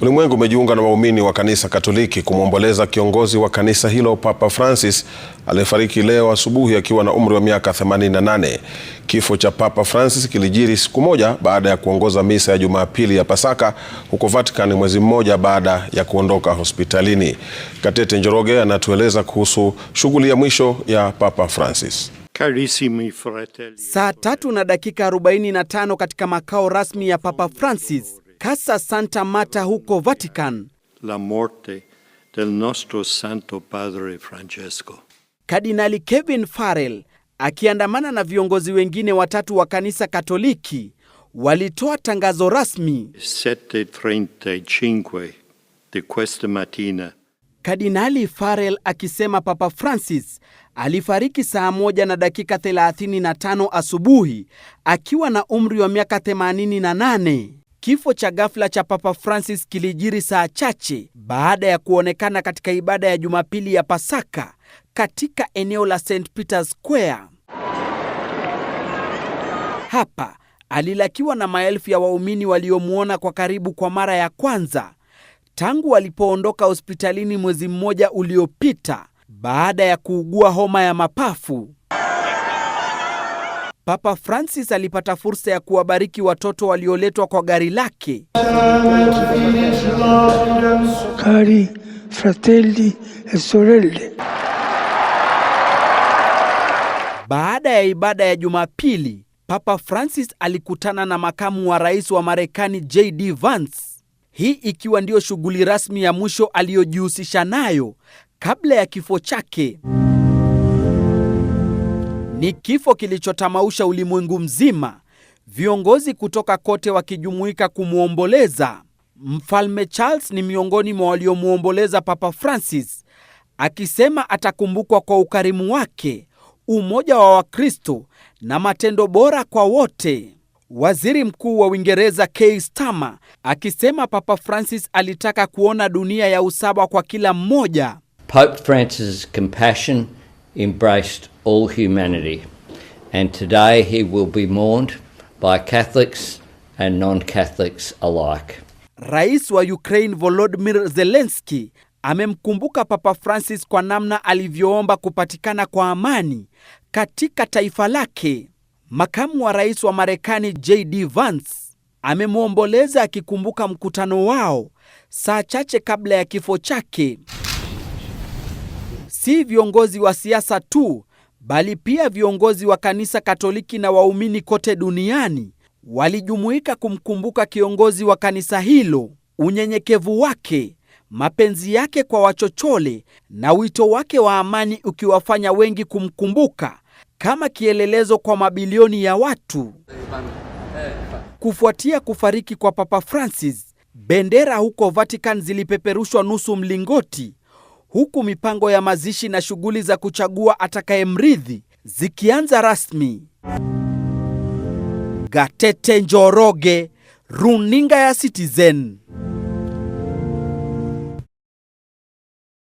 Ulimwengu umejiunga na waumini wa kanisa Katoliki kumwomboleza kiongozi wa kanisa hilo Papa Francis aliyefariki leo asubuhi akiwa na umri wa miaka 88. Kifo cha Papa Francis kilijiri siku moja baada ya kuongoza misa ya Jumapili ya Pasaka huko Vatican, mwezi mmoja baada ya kuondoka hospitalini. Katete Njoroge anatueleza kuhusu shughuli ya mwisho ya Papa Francis. Saa tatu na dakika 45 katika makao rasmi ya Papa Francis Casa Santa Marta huko Vatican. La morte del nostro santo padre Francesco. Kardinali Kevin Farrell akiandamana na viongozi wengine watatu wa kanisa Katoliki walitoa tangazo rasmi 7:35 e de questa mattina. Kardinali Farrell akisema Papa Francis alifariki saa moja na dakika 35 asubuhi akiwa na umri wa miaka 88. Kifo cha ghafla cha Papa Francis kilijiri saa chache baada ya kuonekana katika ibada ya Jumapili ya Pasaka katika eneo la St Peter's Square. Hapa alilakiwa na maelfu ya waumini waliomwona kwa karibu kwa mara ya kwanza tangu alipoondoka hospitalini mwezi mmoja uliopita baada ya kuugua homa ya mapafu. Papa Francis alipata fursa ya kuwabariki watoto walioletwa kwa gari lake. Cari fratelli e sorelle. Baada ya ibada ya Jumapili, Papa Francis alikutana na makamu wa rais wa Marekani JD Vance, hii ikiwa ndiyo shughuli rasmi ya mwisho aliyojihusisha nayo kabla ya kifo chake. Ni kifo kilichotamausha ulimwengu mzima, viongozi kutoka kote wakijumuika kumwomboleza. Mfalme Charles ni miongoni mwa waliomwomboleza Papa Francis, akisema atakumbukwa kwa ukarimu wake, umoja wa Wakristo na matendo bora kwa wote. Waziri Mkuu wa Uingereza Keir Starmer akisema Papa Francis alitaka kuona dunia ya usawa kwa kila mmoja. Pope Francis' compassion embraced all humanity, and today he will be mourned by Catholics and non-Catholics alike. Rais wa Ukraine Volodymyr Zelensky amemkumbuka Papa Francis kwa namna alivyoomba kupatikana kwa amani katika taifa lake. Makamu wa Rais wa Marekani JD Vance amemwomboleza akikumbuka mkutano wao saa chache kabla ya kifo chake si viongozi wa siasa tu, bali pia viongozi wa kanisa Katoliki na waumini kote duniani walijumuika kumkumbuka kiongozi wa kanisa hilo, unyenyekevu wake, mapenzi yake kwa wachochole na wito wake wa amani ukiwafanya wengi kumkumbuka kama kielelezo kwa mabilioni ya watu. Kufuatia kufariki kwa Papa Francis, bendera huko Vatican zilipeperushwa nusu mlingoti huku mipango ya mazishi na shughuli za kuchagua atakayemrithi zikianza rasmi. Gatete Njoroge, Runinga ya Citizen.